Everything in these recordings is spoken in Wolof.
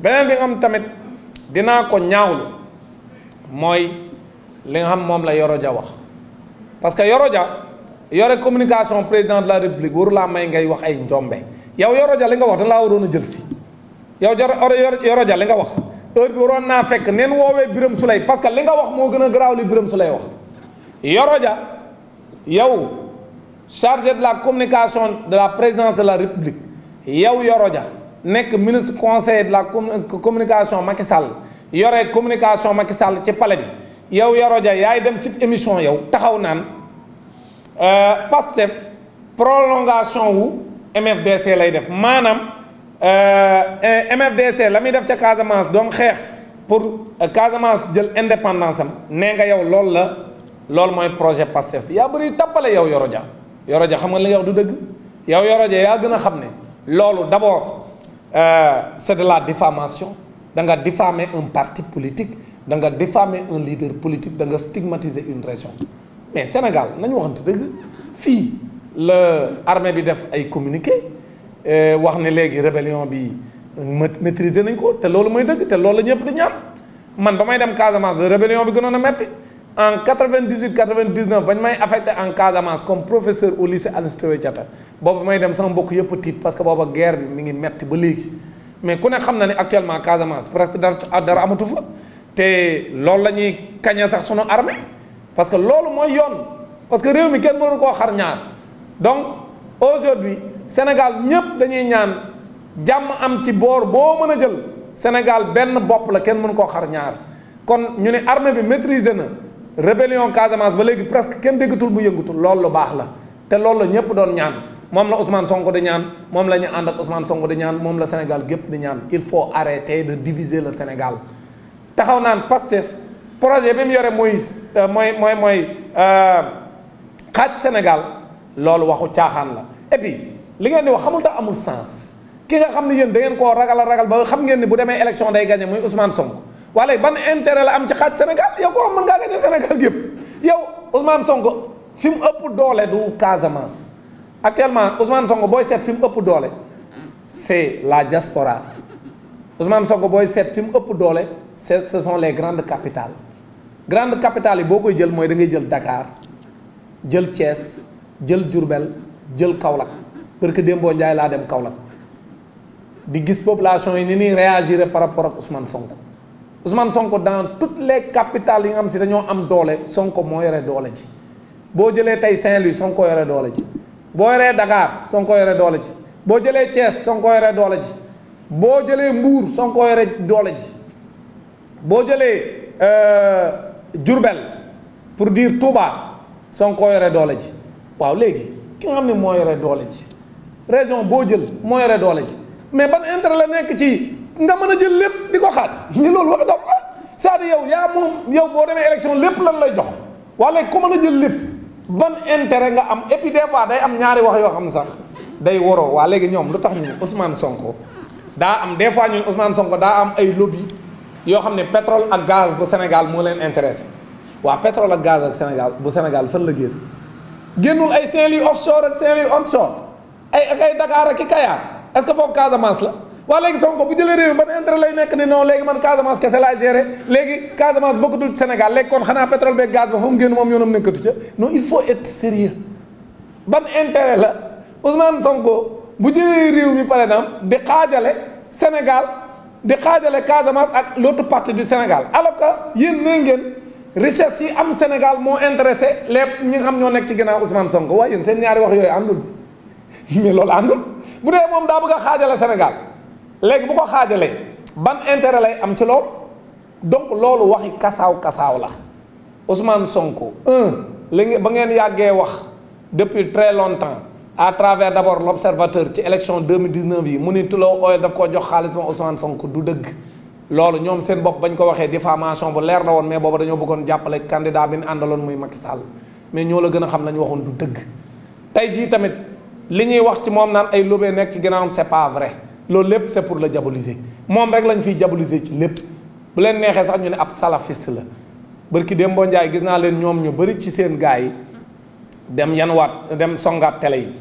beneen bi nga xam tamit dinaa ko ñaawlu mooy li nga xam moom la Yoro Dia wax parce que Yoro Dia yore communication président de la république war laa may ngay wax ay njombe yow Yoro Dia li nga wax da laa waroon a jël si yow Yoro Dia li nga wax heure bi waroon naa fekk neen woowee Birame Souleye parce que li nga wax moo gën a garaaw li Birame Souleye wax Yoro Dia yow chargé de la communication de la présidence de la république yow Yoro Dia nekk ministre conseiller de la communication Macky Sall yore communication Macky Sall ci pale bi yow Yoro Dia yaay dem ci émission yow taxaw naan euh, Pastef prolongation wu MFDC lay def maanaam euh, MFDC la muy def ca Casamance doon xeex pour euh, Casamance jël indépendance am nee nga yow loolu la loolu mooy projet Pastef yaa bëri tappale yow Yoro Dia Yoro xam nga la yow du dëgg yow Yoro Dia yaa gën a xam ne loolu d'abord euh, c'est de la diffamation da nga diffamer un parti politique da nga diffamer un leader politique da nga stigmatiser une région mais Sénégal nañu waxante dëgg fii la armée bi def ay communiqué euh, wax ne léegi rébellion bi maîtriser nañ ko te loolu mooy dëgg te loolu la ñëpp di ñaan man ba may dem Casamance de bi gënoon a metti en 98 99 bañ may affecté en Casamance comme professeur au lycée Alain Sitoé Diatta boobu may dem sama mbokk yëpp tiit parce que booba guerre bi mi ngi metti ba léegi mais ku ne xam na ni actuellement Casamance presque dara dara amatu fa te loolu la ñuy kañe sax sunu armée parce que loolu mooy yoon parce que réew mi kenn mënu koo xar ñaar donc aujourd'hui Sénégal ñëpp dañuy ñaan jàmm am ci boor boo mën a jël Sénégal benn bopp la kenn mënu koo xar ñaar kon ñu ne bi maîtriser na. rébellion Casamance ba léegi presque kenn déggatul bu yëngatul loolu lu baax la te loolu la ñëpp doon ñaan moom la Ousmane Sonko di ñaan moom la ñu ànd ak Sonko di moom la Sénégal gépp di ñaan il faut arrêter de diviser le Sénégal taxaw naan Pastef projet bi mu yore mooy euh, mooy mooy mooy euh, xaaj Sénégal loolu waxu caaxaan la et puis li ngeen di wax xamul tax amul sens ki nga xam ne yéen da koo ragal a ragal ba xam ngeen ni bu demee élection day gagné muy Ousmane Sonko. wala ban intérêt la am ci xaaj Sénégal yow ko am mën ngaa gañe Sénégal gépp yow Ousmane Sonko fi mu ëpp doole du Casamance actuellement Ousmane Sonko booy seet fi mu ëpp doole c'est la diaspora Ousmane booy seet fi mu ëpp doole c'est ce les grandes capitales grandes capitales yi boo koy jël mooy da ngay jël dakaar jël Thiès jël Diourbel jël Kaolack parce que Dembo Ndiaye laa dem Kaolack di gis population yi ni ñuy réagir par rapport ak Ousmane Sonko. Ousmane Sonko dans toutes les capital yi nga am si dañoo am doole Sonko moo yore doole ji boo jëlee tey Saint-Louis Sonko yore ji boo yoree Dakar Sonko yore doole ji boo jëlee Thiès Sonko yore ji boo jëlee Mbour Sonko yore doole ji boo jëlee euh, Diourbel pour dire Touba Sonko yore doole ji waaw léegi ki nga xam ne moo yore doole ji région boo jël moo yore doole ji mais ban intérêt la nekk ci. nga mën a jël lépp di ko xaaj ñi loolu wax dafa c'est-à-dire yow yaa moom yow boo demee élection lépp lan lay jox wala ku mën a jël lépp ban intérêt nga am et puis des fois day am ñaari wax yoo xam sax day woro waa léegi ñoom lu tax ñu Ousmane Sonko daa am des fois ñu ne Sonko daa am ay lobby yoo xam ne pétrole ak gaz bu Sénégal moo leen intéressé waa pétrole ak gaz ak Sénégal bu Sénégal fan la génn génnul ay Saint-Louis offshore ak ay ak ay Dakar ak i que foofu Casamance la. waa léegi Sonko bu jëlee réew mi ban intérêt lay nekk ni non léegi man Casamance kese laa géré léegi Casamance bokkatul Sénégal léegi kon xanaa pétrole beeg gaz ba fa mu génn moom yoonam nekkatu ca non il faut être sérieux ban intérêt la Ousmane Sonko bu jëlee réew mi par exemple di xaajale Sénégal di xaajale Casamance ak l'autre partie du Sénégal alors que yéen nee ngeen richesse yi am Sénégal moo intéressé lépp ñi nga xam ñoo nekk ci ginnaaw Ousmane Sonko waaye yéen seen ñaari wax yooyu àndul ci loolu àndul bu dee moom daa bëgg a xaajale Sénégal. léegi bu ko xaajalee ban intérêt lay am ci loolu donc loolu waxi kasaaw kasaaw la Ousmane Sonko un li ngeen ba ngeen yàggee wax depuis très longtemps à travers d'abord l'observateur ci élection 2019 yi mu ni Tullow Oil daf koo jox xaalis ma Ousmane Sonko du dëgg loolu ñoom seen bopp bañ ko waxee diffamation bu leer la woon mais booba dañoo bëggoon jàppale candidat bi ñu àndaloon muy Macky Sall mais ñoo la gën a xam la ñu waxoon du dëgg tey jii tamit li ñuy wax ci moom naan ay lobé nekk ci ginnaawam c'est pas vrai loolu lépp c'est pour la diaboliser moom rek lañu fiy diaboliser ci lépp bu leen neexee sax ñu ne ab salafiste la bërki dem boo njaay gis naa leen ñoom ñu bëri ci seen gars yi dem yanuwaat dem songaat télé yi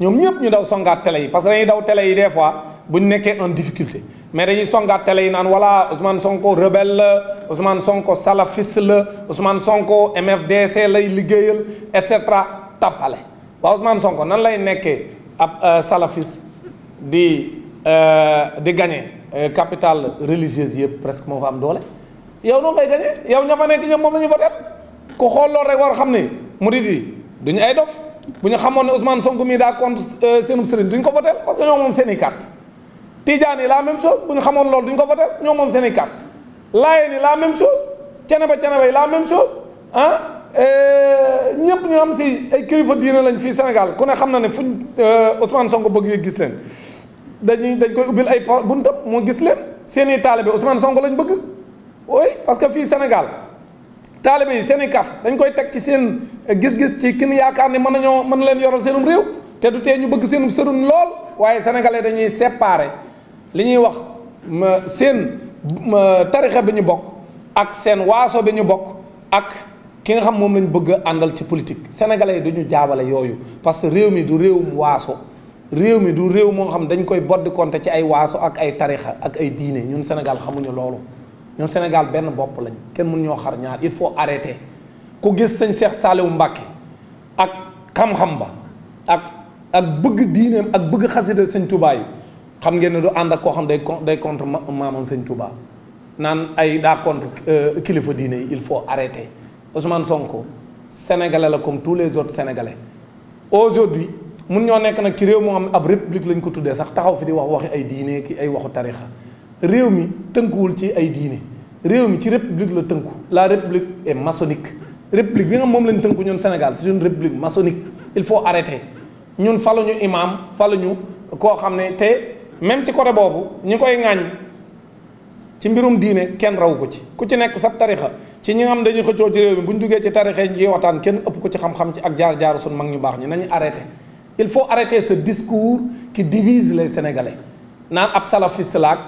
ñoom ñëpp ñu daw songaat télé yi parce que dañuy daw tele yi des fois bu ñu nekkee en difficulté mais dañuy songaat télé yi naan voilà Ousmane Sonko rebel la Ousmane Sonko salafiste la Ousmane Sonko MFDC lay liggéeyal et cetera tappale waaw Ousmane Sonko nan lay nekkee ab euh, salafiste Euh, di gagné euh, capital religieuse yëpp presque moo fa am doole yow noonu ngay gagné yow ña fa nekk ñoom moom la ñu votel ku xool loolu rek war xam ne murid yi duñu ay dof bu ñu xamoon ne Ousmane Sonko mii daa contre euh, seenum sëriñ duñ ko votel parce que moom seen i carte Tijaan yi la même chose bu ñu xamoon loolu duñ ko votel ñoo moom seen i carte Laayeen yi la même chose Ceneba la même chose ah ñëpp si ay kilifa diine lañ fii ne xam na ne fuñ Ousmane Sonko bëgg gis leen dañuy dañ koy ubbil ay buntam moo gis leen seeni taalibe Ousmane Sonko lañ bëgg oui parce que fii senegal taalibe yi seeni carte dañ koy teg ci seen gis-gis ci kin yaakaar ne mën nañoo mën leen yoro seenum réew te du te ñu bëgg seenum sëriñ lool waaye sénégalais dañuy séparer li ñuy wax seen tarixa bi ñu bokk ak seen waaso bi ñu bokk ak ki nga xam moom lañ bëgg àndal ci politique sénégalais yi duñu jaabale yooyu parce que réew mi du réewum waaso réew mi du réew moo xam dañ koy bodd konte ci ay waaso ak ay tarixa ak ay diine ñun Sénégal xamuñu loolu ñun Sénégal benn bopp lañ kenn mun ñoo xar ñaar il faut arrêter ku gis sëñ Cheikh Saliou Mbacké ak xam-xam ba ak ak bëgg diineem ak bëgg xasida sëñ Touba yi xam ngeen ne du ànd ak koo xam day day contre maamam sëñ Touba naan ay daa contre euh, kilifa diine yi il faut arrêter Ousmane Sonko sénégalais la comme tous les autres sénégalais aujourd'hui mun ñoo nekk nag ci réew moo am ab république lañ ko tuddee sax taxaw fi di wax waxi ay diine ki ay waxu tarixa réew mi tënkuwul ci ay diine réew mi ci république la tënku la république est maçonnique république bi nga moom lañ tënku ñun Sénégal c'est une république maçonnique il faut arrêter ñun ñu imaam imam faluñu koo xam ne te même ci côté boobu ñu koy ŋaañ ci mbirum diine kenn raw ko ci ku ci nekk sab tarixa ci ñi nga xam dañuy xëccoo ci réew mi bu ñu duggee ci tarixa yi kenn ëpp ko ci xam-xam ak jaar-jaaru sun mag ñu baax ñi nañu arrêté il faut arrêter sa discours qui divise les sénégalais naan ab salafiste laak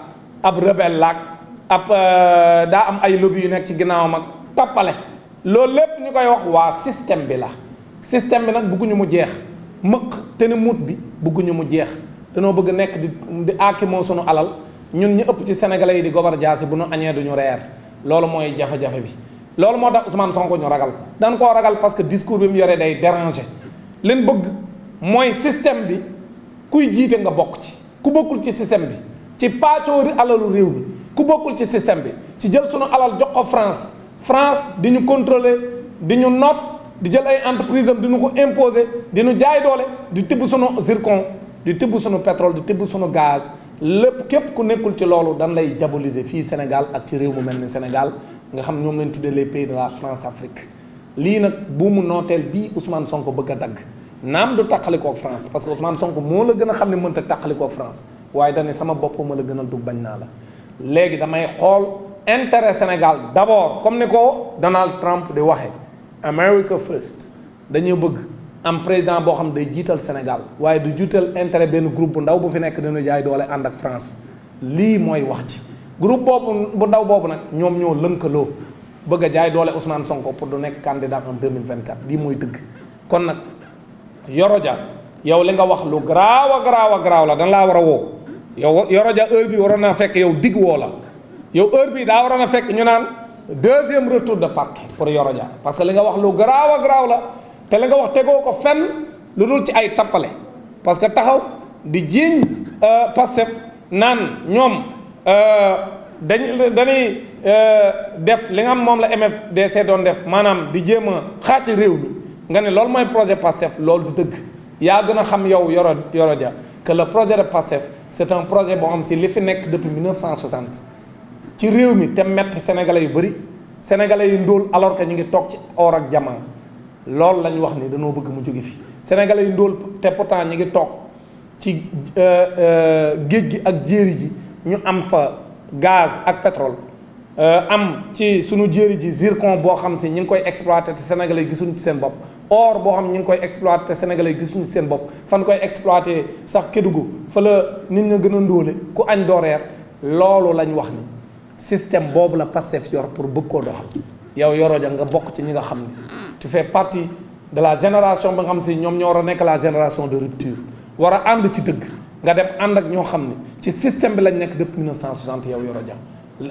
ab rebelle laak ab euh, daa am ay lobby yu nekk ci ginnaawam ak tappale loolu lépp ñu koy wax waa système bi la système bi nag bëgguñu mu jeex mëq te ni muut bi bëgguñu mu jeex danoo bëgg nekk di di aakimoo sunu alal ñun ñu ëpp ci sénégalais yi di gobar jaasi bu nu añee duñu reer loolu mooy jafe-jafe bi loolu moo tax Ousmane Sonko ñu ragal ko dañ koo ragal parce que discours bi mu yore day déranger leen bëgg mooy système bi kuy jiite nga bokk ci ku bokkul ci système bi ci paacoori alalu réew mi ku bokkul ci système bi ci jël sunu alal jox ko France France di ñu contrôler di ñu noot di jël ay entreprise am di ñu ko imposer di ñu jaay doole di tibb sunu zircon di tibb sunu pétrole di tibb sunu gaz lépp képp ku nekkul ci loolu dan lay diaboliser fii Sénégal ak ci réew mu mel ni Sénégal nga xam ñoom lañ tuddee les pays de la France Afrique lii nag bu mu nooteel bii Ousmane Sonko bëgg a dagg naam du tàqalikoo ak France parce que Ousmane sonk moo la gën a xam ne mënta tàqalikoo ak France waaye dañ sama bopp ma la gën a dugg bañ naa la léegi damay xool intérêt Sénégal d'abord comme ni ko Donald Trump di waxe America first dañuy bëgg am président boo xam day jiital Sénégal waaye du jiital intérêt benn groupe bu ndaw bu fi nekk dañu jaay doole ànd ak France lii mooy wax ci groupe boobu bu ndaw boobu nag ñoom ñoo lënkaloo bëgg a jaay doole Ousmane Sonko pour du nekk candidat en 2024 lii mooy dëgg kon nag yoroja yow li nga wax lu garaaw a garaaw a garaaw la dan laa war a woo yow yoroja heure bi waroon naa fekk yow digg woo la yow heure bi daa waroon a fekk ñu naan deuxième retour de parquet pour yoroja parce que li nga wax lu garaaw a garaaw la te li nga wax tegoo ko fenn lu dul ci ay tappale parce que taxaw di jiiñ euh, Pastef naan ñoom euh, dañu dañuy euh, def li nga am moom la MFDC doon def maanaam di jéem a xaaj réew mi nga ne loolu mooy projet PASTEF lool du dëgg yaa gën a xam yow yoro yoro ja que le projet de PASTEF c'est un projet boo xam si li fi nekk depuis 1960 ci réew mi te métti sénégalais yu bëri sénégalais yu ndóol alors que ñu ngi toog ci or ak jaman loolu la ñu wax ni dañoo bëgg mu jóge fi sénégalais yu ndóol te pourtant ñu ngi toog ci euh, euh, géej gi ak jéeri ji ñu am fa gaz ak pétrole Euh, am ci suñu jéeri ji zircon boo xam si ñi ngi koy exploité te sénégalais gisuñu ci seen bopp or boo xam ñi ngi koy exploité te sénégalais gisuñu seen bopp fan koy exploité sax Kédougou fa la nit ña gën a ndóole ku añ doo reer loolu lañ wax ni système boobu la Pastef yor pour bëgg koo doxal yow yoroo ja nga bokk ci ñi nga xam ni tu fais partie de la génération ba nga xam si ñoom ñoo war a nekk la génération de rupture war a ànd ci dëgg nga dem ànd ak ñoo xam ne ci système bi lañ nekk depuis 1960 yow yoroo ja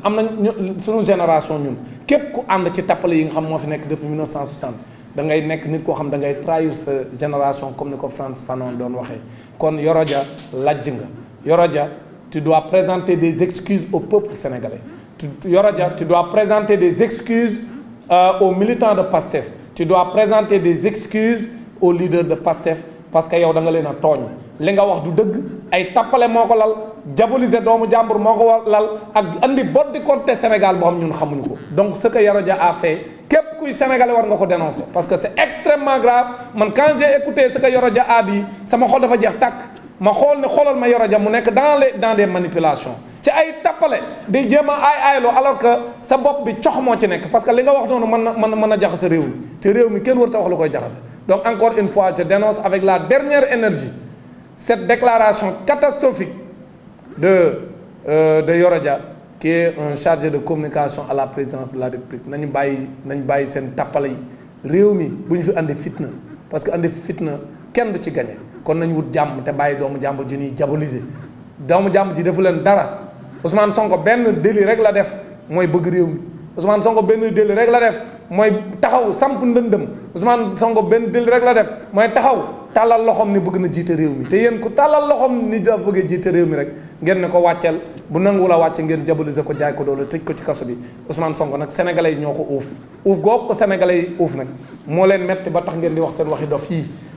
am nañ ñu suñu génération ñun képp ku ànd ci tappale yi nga xam moo fi nekk depuis 1960 da ngay nekk nit koo xam da ngay trahir sa génération comme ni ko France Fanon doon waxee kon Yoro Dia lajj nga Yoro Dia tu dois présenter des excuses au peuple sénégalais tu Yoro Dia tu dois présenter des excuses euh, au militant de PASTEF ti dois présenter des excuses au leaders de PASTEF parce que yow da nga leen a tooñ li nga wax du dëgg ay tappale moo ko lal diaboliser doomu jàmbur moo ko walal ak andi boddi côté Sénégal boo xam ñun xamuñu ko donc ce que Yoro Dia a képp kuy sénégalais war nga ko dénoncer parce que c'est extrêmement grave man quand j'ai écouté ce que Yoro sama xol dafa jeex tàkk ma xool ne xoolal ma Yoro Dia mu nekk dans les dans des manipulations ci ay tappale di jéem a aay aayloo alors que sa bopp bi cox moo ci nekk parce que li nga wax noonu mën na mën mën a jaxase réew mi te réew mi kenn warut a wax lu koy jaxase donc encore une fois je dénonce la dernière énergie cette déclaration catastrophique de euh, de Yoro Dia qui un chargé de communication à la présidence de la République nañu bàyyi nañu bàyyi seen tappale yi réew mi bu ñu fi andi fitna parce que andi fitna kenn du ci gañe kon nañu wut jàmm te bàyyi doomu jàmbur ji ñuy diaboliser doomu jàmbur ji defu leen dara Ousmane Sonko benn déli rek la def mooy bëgg réew mi Ousmane Sonko benn déli rek la def mooy taxaw samp ndëndëm Ousmane Sonko benn délit rek la def mooy taxaw tàllal loxoom ni bëgg na jiite réew mi te yéen ku tàllal loxoom ni dafa bëggee jiite réew mi rek ngeen ne ko wàcceel bu nanguwul a wàcce ngeen diaboliser ko jaay ko doole tëj ko ci kaso bi Ousmane Sonko nag sénégalais yi ñoo ko uuf uuf googu ko sénégalais yi uuf nag moo leen metti ba tax ngeen di wax seen waxi dof fii